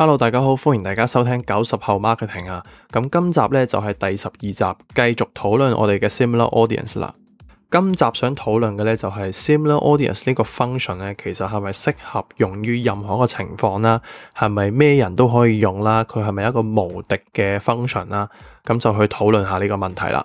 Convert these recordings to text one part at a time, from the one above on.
Hello，大家好，歡迎大家收聽九十後 marketing 啊，咁今集咧就係、是、第十二集，繼續討論我哋嘅 similar audience 啦。今集想討論嘅咧就係 similar audience 呢個 function 咧，其實係咪適合用於任何一個情況啦？係咪咩人都可以用啦？佢係咪一個無敵嘅 function 啦？咁就去討論下呢個問題啦。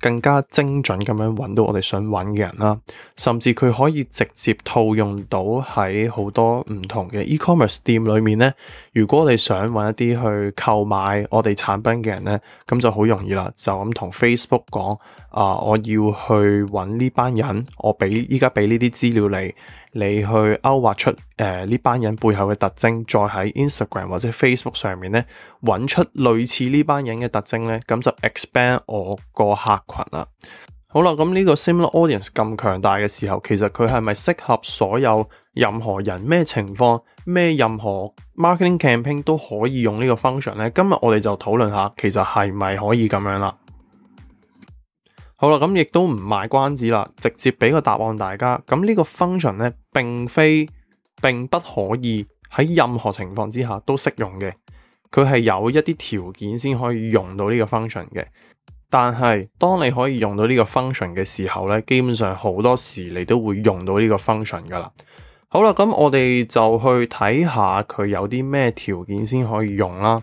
更加精準咁樣揾到我哋想揾嘅人啦，甚至佢可以直接套用到喺好多唔同嘅 e-commerce 店裏面咧。如果你想揾一啲去購買我哋產品嘅人咧，咁就好容易啦。就咁同 Facebook 講：呃，啊，「我要去揾呢班人，我俾依家俾呢啲資料你。」你去勾畫出誒呢、呃、班人背後嘅特徵，再喺 Instagram 或者 Facebook 上面咧揾出類似呢班人嘅特徵咧，咁就 expand 我個客群啦。好啦，咁呢個 similar audience 咁強大嘅時候，其實佢係咪適合所有任何人、咩情況、咩任何 marketing campaign 都可以用呢個 function 咧？今日我哋就討論下其實係咪可以咁樣啦。好啦，咁亦都唔賣關子啦，直接俾個答案大家。咁呢個 function 咧，並非，並不可以喺任何情況之下都適用嘅。佢係有一啲條件先可以用到呢個 function 嘅。但係當你可以用到呢個 function 嘅時候咧，基本上好多時你都會用到呢個 function 噶啦。好啦，咁我哋就去睇下佢有啲咩條件先可以用啦。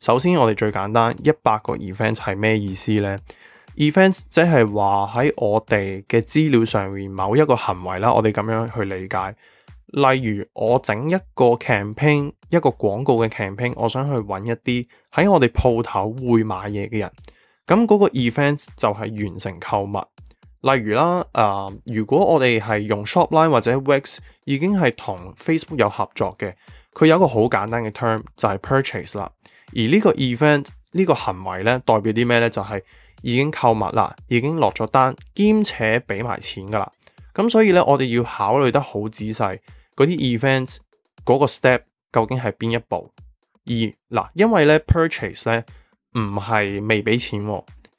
首先，我哋最簡單一百個 event 係咩意思呢？events 即係話喺我哋嘅資料上面某一個行為啦。我哋咁樣去理解，例如我整一個 campaign 一個廣告嘅 campaign，我想去揾一啲喺我哋鋪頭會買嘢嘅人。咁嗰個 events 就係完成購物。例如啦，誒、呃，如果我哋係用 Shopline 或者 Wix 已經係同 Facebook 有合作嘅，佢有一個好簡單嘅 term 就係 purchase 啦。而呢個 event 呢個行為咧，代表啲咩呢？就係已經購物啦，已經落咗單，兼且俾埋錢噶啦。咁所以呢，我哋要考慮得好仔細嗰啲 event 嗰個 step 究竟係邊一步？而嗱，因為呢 purchase 呢唔係未俾錢，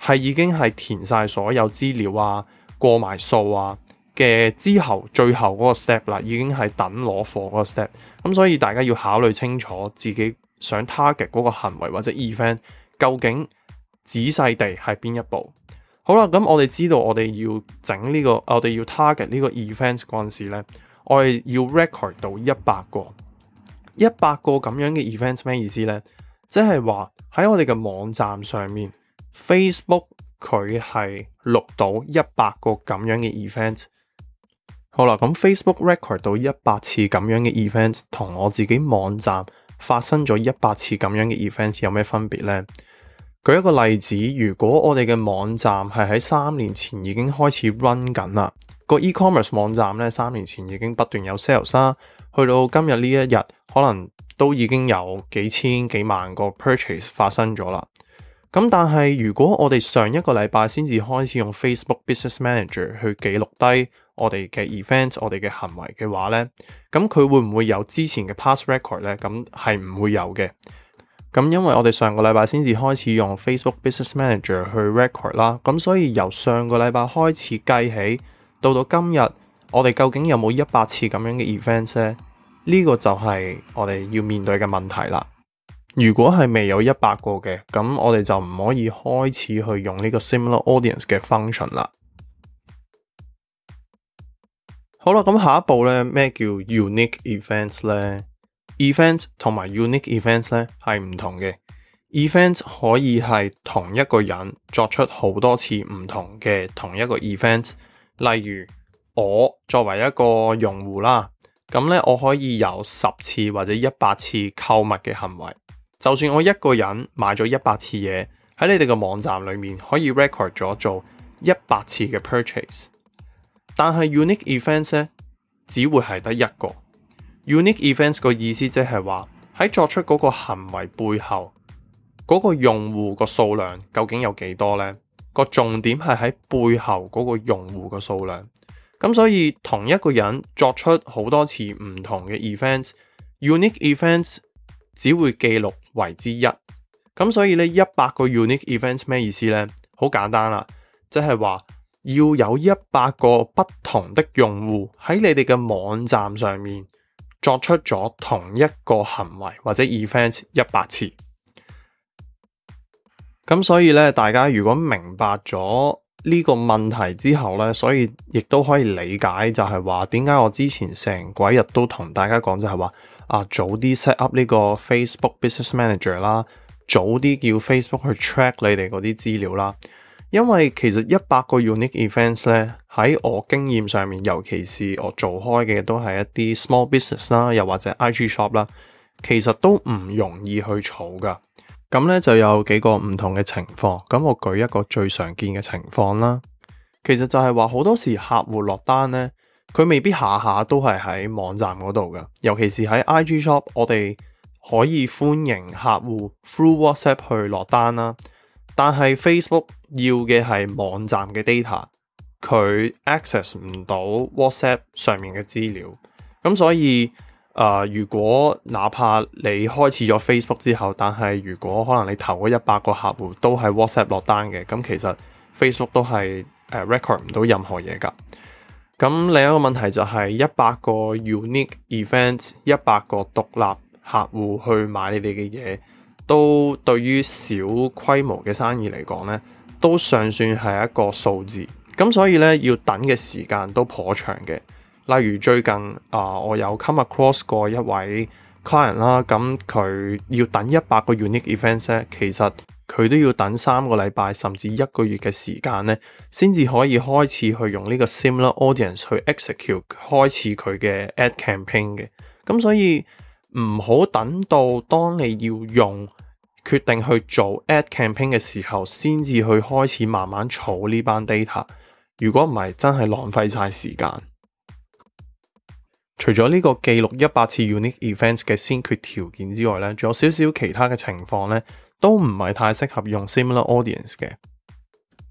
係已經係填晒所有資料啊、過埋數啊嘅之後，最後嗰個 step 啦，已經係等攞貨嗰個 step。咁所以大家要考慮清楚自己。想 target 嗰個行為或者 event 究竟仔細地係邊一步？好啦，咁我哋知道我哋要整呢個，我哋要 target 呢個 event 嗰陣時咧，我哋要 record 到一百個，一百個咁樣嘅 event 咩意思咧？即係話喺我哋嘅網站上面，Facebook 佢係錄到一百個咁樣嘅 event。好啦，咁 Facebook record 到一百次咁樣嘅 event，同我自己網站。發生咗一百次咁樣嘅 events 有咩分別呢？舉一個例子，如果我哋嘅網站係喺三年前已經開始 run 緊啦，個 e-commerce 網站咧，三年前已經不斷有 sales 啦，去到今日呢一日，可能都已經有幾千幾萬個 purchase 發生咗啦。咁但係如果我哋上一個禮拜先至開始用 Facebook Business Manager 去記錄低我哋嘅 event，我哋嘅行為嘅話呢，咁佢會唔會有之前嘅 past record 呢？咁係唔會有嘅。咁因為我哋上個禮拜先至開始用 Facebook Business Manager 去 record 啦，咁所以由上個禮拜開始計起，到到今日我哋究竟有冇一百次咁樣嘅 event 咧？呢、呢個就係我哋要面對嘅問題啦。如果係未有一百個嘅，咁我哋就唔可以開始去用呢個 similar audience 嘅 function 啦。好啦，咁下一步呢，咩叫 unique events 呢？event 同埋 unique events 呢係唔同嘅。event 可以係同一個人作出好多次唔同嘅同一個 event，例如我作為一個用戶啦，咁呢，我可以有十次或者一百次購物嘅行為。就算我一個人買咗一百次嘢，喺你哋個網站裏面可以 record 咗做一百次嘅 purchase，但係 unique events 呢，只會係得一個。unique events 個意思即係話喺作出嗰個行為背後嗰個用戶個數量究竟有幾多呢？個重點係喺背後嗰個用戶個數量。咁所以同一個人作出好多次唔同嘅 events，unique events。只會記錄為之一，咁所以呢，一百個 unique event 咩意思呢？好簡單啦，即係話要有一百個不同的用戶喺你哋嘅網站上面作出咗同一個行為或者 event 一百次。咁所以呢，大家如果明白咗呢個問題之後呢，所以亦都可以理解就係話點解我之前成鬼日都同大家講就係話。啊，早啲 set up 呢個 Facebook Business Manager 啦，早啲叫 Facebook 去 check 你哋嗰啲資料啦。因為其實一百個 unique events 咧，喺我經驗上面，尤其是我做開嘅都係一啲 small business 啦，又或者 IG shop 啦，其實都唔容易去儲噶。咁咧就有幾個唔同嘅情況。咁我舉一個最常見嘅情況啦，其實就係話好多時客戶落單咧。佢未必下下都係喺網站嗰度㗎，尤其是喺 IG Shop，我哋可以歡迎客戶 through WhatsApp 去落單啦。但係 Facebook 要嘅係網站嘅 data，佢 access 唔到 WhatsApp 上面嘅資料。咁所以，啊、呃，如果哪怕你開始咗 Facebook 之後，但係如果可能你頭嗰一百個客戶都係 WhatsApp 落單嘅，咁其實 Facebook 都係誒、呃、record 唔到任何嘢㗎。咁另一個問題就係一百個 unique events，一百個獨立客戶去買你哋嘅嘢，都對於小規模嘅生意嚟講呢，都尚算係一個數字。咁所以呢，要等嘅時間都頗長嘅。例如最近啊、呃，我有 come across 過一位 client 啦，咁佢要等一百個 unique events 咧，其實。佢都要等三個禮拜甚至一個月嘅時間咧，先至可以開始去用呢個 similar audience 去 execute 開始佢嘅 ad campaign 嘅。咁所以唔好等到當你要用決定去做 ad campaign 嘅時候，先至去開始慢慢儲呢班 data。如果唔係，真係浪費晒時間。除咗呢個記錄一百次 unique events 嘅先決條件之外咧，仲有少少其他嘅情況咧。都唔係太適合用 similar audience 嘅。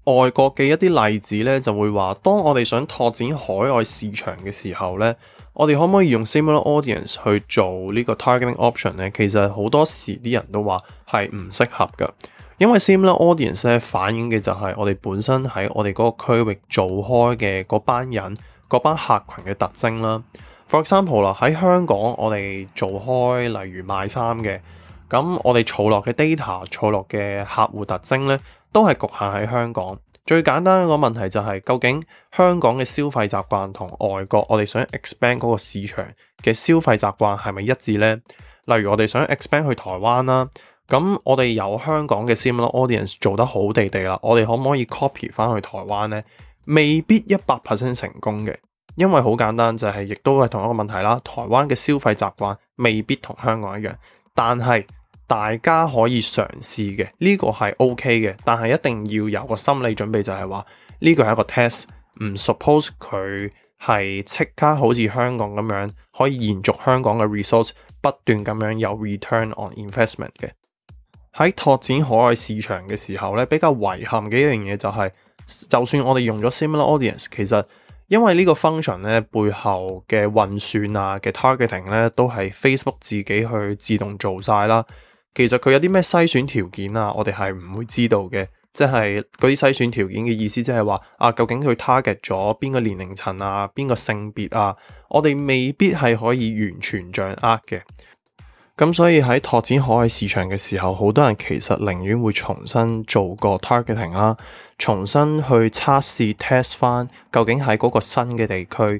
外國嘅一啲例子咧，就會話當我哋想拓展海外市場嘅時候咧，我哋可唔可以用 similar audience 去做個呢個 targeting option 咧？其實好多時啲人都話係唔適合㗎，因為 similar audience 咧，反映嘅就係我哋本身喺我哋嗰個區域做開嘅嗰班人，嗰班客群嘅特徵啦。For example 啦，喺香港我哋做開，例如賣衫嘅。咁我哋儲落嘅 data、儲落嘅客戶特徵呢，都係局限喺香港。最簡單一個問題就係、是，究竟香港嘅消費習慣同外國我哋想 expand 嗰個市場嘅消費習慣係咪一致呢？例如我哋想 expand 去台灣啦，咁我哋有香港嘅 similar audience 做得好地地啦，我哋可唔可以 copy 翻去台灣呢？未必一百 percent 成功嘅，因為好簡單就係、是，亦都係同一個問題啦。台灣嘅消費習慣未必同香港一樣，但係。大家可以嘗試嘅呢個係 OK 嘅，但係一定要有個心理準備就，就係話呢個係一個 test，唔 suppose 佢係即刻好似香港咁樣可以延續香港嘅 resource 不斷咁樣有 return on investment 嘅。喺拓展海外市場嘅時候咧，比較遺憾嘅一樣嘢就係，就算我哋用咗 similar audience，其實因為呢個 function 咧，背後嘅運算啊嘅 targeting 咧都係 Facebook 自己去自動做晒啦。其實佢有啲咩篩選條件啊，我哋係唔會知道嘅。即係嗰啲篩選條件嘅意思，即係話啊，究竟佢 target 咗邊個年齡層啊，邊個性別啊，我哋未必係可以完全掌握嘅。咁所以喺拓展海外市場嘅時候，好多人其實寧願會重新做個 targeting 啦、啊，重新去測試 test 返究竟喺嗰個新嘅地區。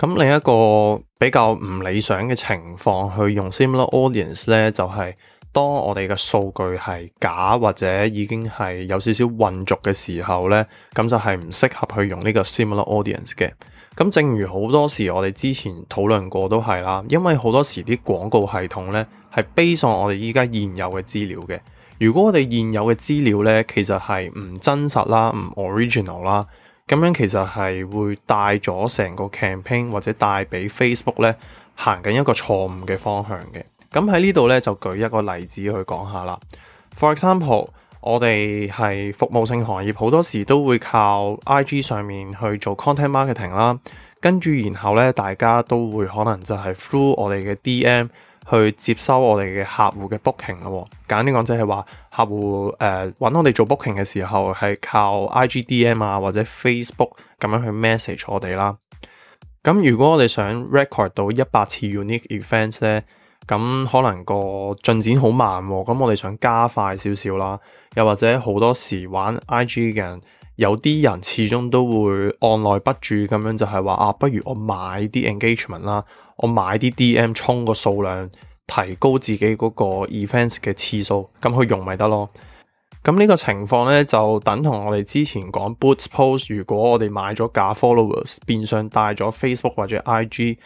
咁另一個比較唔理想嘅情況，去用 Similar Audience 咧，就係當我哋嘅數據係假或者已經係有少少混濁嘅時候咧，咁就係唔適合去用呢個 Similar Audience 嘅。咁正如好多時我哋之前討論過都係啦，因為好多時啲廣告系統咧係 based on 我哋依家現有嘅資料嘅。如果我哋現有嘅資料咧，其實係唔真實啦，唔 original 啦。咁樣其實係會帶咗成個 campaign 或者帶俾 Facebook 咧行緊一個錯誤嘅方向嘅。咁喺呢度咧就舉一個例子去講下啦。For example，我哋係服務性行業，好多時都會靠 IG 上面去做 content marketing 啦。跟住然後咧，大家都會可能就係 through 我哋嘅 DM。去接收我哋嘅客戶嘅 booking 咯，簡單啲講就係話，客戶誒揾、呃、我哋做 booking 嘅時候係靠 IGDM 啊或者 Facebook 咁樣去 message 我哋啦。咁如果我哋想 record 到一百次 unique events 咧，咁可能個進展好慢，啊，咁我哋想加快少少啦。又或者好多時玩 IG 嘅人，有啲人始終都會按捺不住咁樣就係話啊，不如我買啲 engagement 啦。我買啲 DM 充個數量，提高自己嗰個 events 嘅次數，咁佢用咪得咯？咁呢個情況呢，就等同我哋之前講 boost post，如果我哋買咗假 followers，變相帶咗 Facebook 或者 IG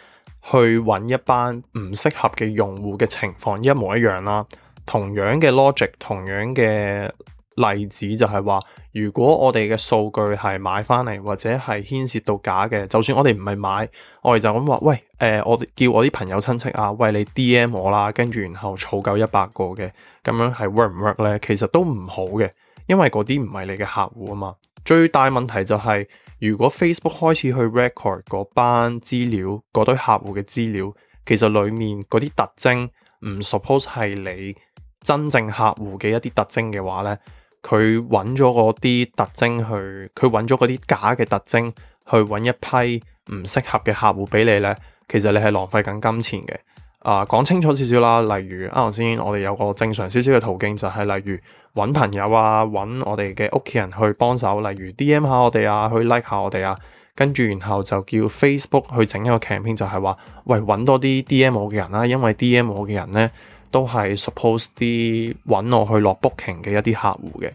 去揾一班唔適合嘅用戶嘅情況一模一樣啦，同樣嘅 logic，同樣嘅。例子就係話，如果我哋嘅數據係買翻嚟，或者係牽涉到假嘅，就算我哋唔係買，我哋就咁話，喂，誒、呃，我叫我啲朋友親戚啊，喂，你 DM 我啦，跟住然後儲夠一百個嘅咁樣係 work 唔 work 咧？其實都唔好嘅，因為嗰啲唔係你嘅客戶啊嘛。最大問題就係，如果 Facebook 開始去 record 嗰班資料、嗰堆客戶嘅資料，其實裡面嗰啲特徵唔 suppose 係你真正客戶嘅一啲特徵嘅話咧。佢搵咗嗰啲特徵去，佢搵咗嗰啲假嘅特徵去搵一批唔適合嘅客戶俾你呢，其實你係浪費緊金錢嘅。啊、呃，講清楚少少啦，例如啱頭先我哋有個正常少少嘅途徑就係、是，例如搵朋友啊，搵我哋嘅屋企人去幫手，例如 DM 下我哋啊，去 like 下我哋啊，跟住然後就叫 Facebook 去整一個 campaign，就係話，喂，搵多啲 DM 我嘅人啦，啊，因為 DM 我嘅人呢。」都係 suppose 啲揾我去落 booking 嘅一啲客戶嘅，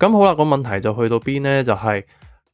咁好啦，個問題就去到邊呢？就係、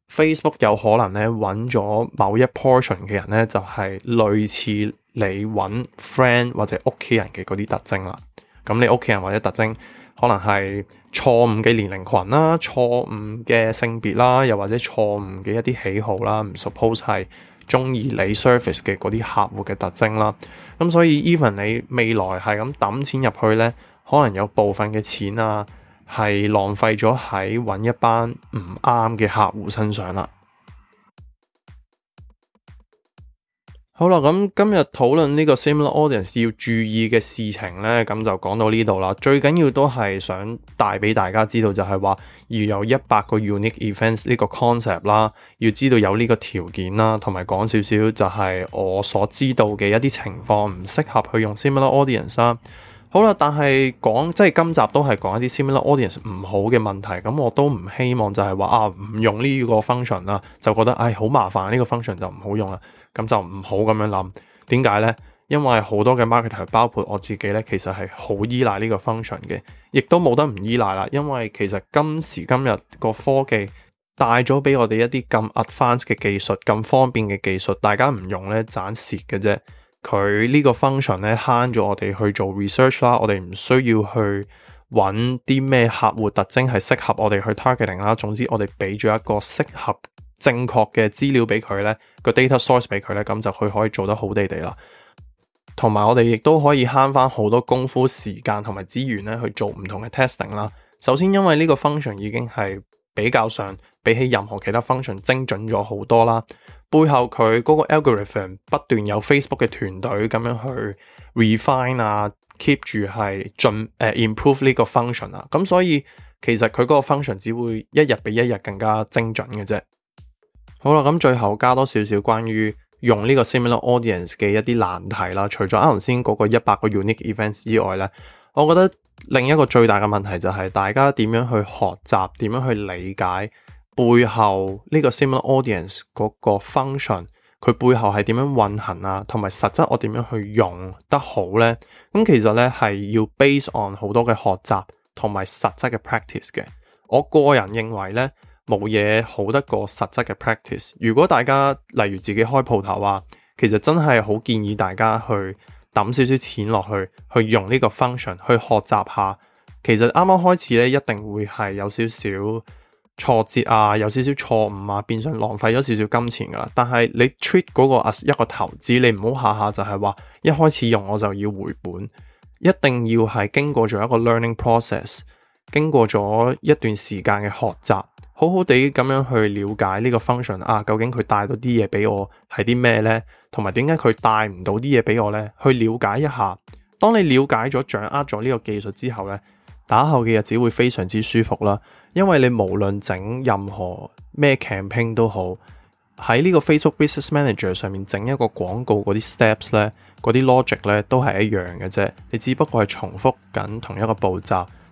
是、Facebook 有可能咧揾咗某一 portion 嘅人咧，就係、是、類似你揾 friend 或者屋企人嘅嗰啲特徵啦。咁你屋企人或者特徵可能係錯誤嘅年齡群啦、錯誤嘅性別啦，又或者錯誤嘅一啲喜好啦，唔 suppose 係。中意你 service 嘅嗰啲客戶嘅特徵啦，咁所以 even 你未來係咁揼錢入去咧，可能有部分嘅錢啊係浪費咗喺揾一班唔啱嘅客戶身上啦。好啦，咁今日討論呢個 similar audience 要注意嘅事情呢，咁就講到呢度啦。最緊要都係想帶俾大家知道就，就係話要有一百個 unique events 呢個 concept 啦，要知道有呢個條件啦，同埋講少少就係我所知道嘅一啲情況唔適合去用 similar audience 啦。好啦，但係講即係今集都係講一啲 similar audience 唔好嘅問題，咁我都唔希望就係話啊唔用呢個 function 啦，就覺得唉好、哎、麻煩，呢、這個 function 就唔好用啦，咁就唔好咁樣諗。點解呢？因為好多嘅 marketer 包括我自己咧，其實係好依賴呢個 function 嘅，亦都冇得唔依賴啦。因為其實今時今日個科技帶咗俾我哋一啲咁 advanced 嘅技術，咁方便嘅技術，大家唔用咧，盞蝕嘅啫。佢呢個 function 咧慳咗我哋去做 research 啦，我哋唔需要去揾啲咩客戶特徵係適合我哋去 targeting 啦。總之我哋俾咗一個適合正確嘅資料俾佢咧，個 data source 俾佢咧，咁就佢可以做得好地地啦。同埋我哋亦都可以慳返好多功夫、時間同埋資源咧去做唔同嘅 testing 啦。首先因為呢個 function 已經係。比較上，比起任何其他 function 精準咗好多啦。背後佢嗰個 algorithm 不斷有 Facebook 嘅團隊咁樣去 refine 啊，啊，keep 住係進誒、啊、improve 呢個 function 啊。咁所以其實佢嗰個 function 只會一日比一日更加精準嘅啫。好啦，咁最後加多少少關於用呢個 Similar Audience 嘅一啲難題啦。除咗啱頭先嗰個一百個 unique events 之外呢。我覺得另一個最大嘅問題就係大家點樣去學習、點樣去理解背後呢個 Similar Audience 嗰個 function，佢背後係點樣運行啊，同埋實質我點樣去用得好呢？咁其實呢係要 based on 好多嘅學習同埋實質嘅 practice 嘅。我個人認為呢，冇嘢好得過實質嘅 practice。如果大家例如自己開鋪頭啊，其實真係好建議大家去。抌少少錢落去，去用呢個 function 去學習下。其實啱啱開始咧，一定會係有少少挫折啊，有少少錯誤啊，變成浪費咗少少金錢噶啦。但係你 treat 嗰個 as 一個投資，你唔好下下就係話一開始用我就要回本，一定要係經過咗一個 learning process，經過咗一段時間嘅學習。好好地咁樣去了解呢個 function 啊，究竟佢帶到啲嘢俾我係啲咩呢？同埋點解佢帶唔到啲嘢俾我呢？去了解一下。當你了解咗、掌握咗呢個技術之後呢，打後嘅日子會非常之舒服啦。因為你無論整任何咩 campaign 都好，喺呢個 Facebook Business Manager 上面整一個廣告嗰啲 steps 呢，嗰啲 logic 呢都係一樣嘅啫。你只不過係重複緊同一個步驟。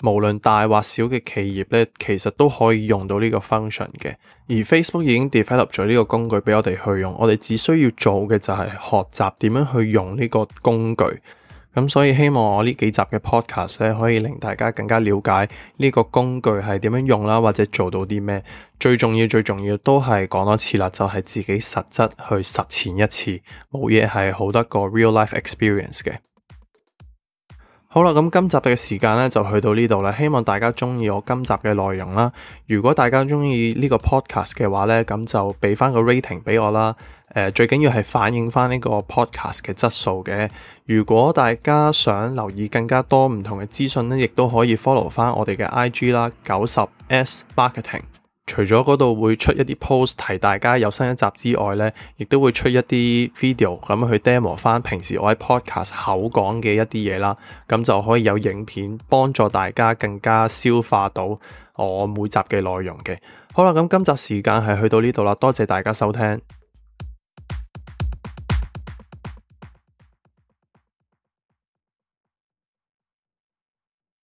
無論大或小嘅企業咧，其實都可以用到呢個 function 嘅。而 Facebook 已經 develop 咗呢個工具俾我哋去用，我哋只需要做嘅就係學習點樣去用呢個工具。咁所以希望我呢幾集嘅 podcast 咧，可以令大家更加了解呢個工具係點樣用啦，或者做到啲咩。最重要、最重要都係講多次啦，就係、是、自己實質去實踐一次，冇嘢係好得過 real life experience 嘅。好啦，咁今集嘅時間咧就去到呢度啦，希望大家中意我今集嘅內容啦。如果大家中意呢個 podcast 嘅話呢，咁就俾翻個 rating 俾我啦。誒、呃，最緊要係反映翻呢個 podcast 嘅質素嘅。如果大家想留意更加多唔同嘅資訊呢，亦都可以 follow 翻我哋嘅 IG 啦，九十 S Marketing。除咗嗰度會出一啲 post 提大家有新一集之外呢，亦都會出一啲 video 咁去 demo 返平時我喺 podcast 口講嘅一啲嘢啦，咁就可以有影片幫助大家更加消化到我每集嘅內容嘅。好啦，咁今集時間係去到呢度啦，多謝大家收聽。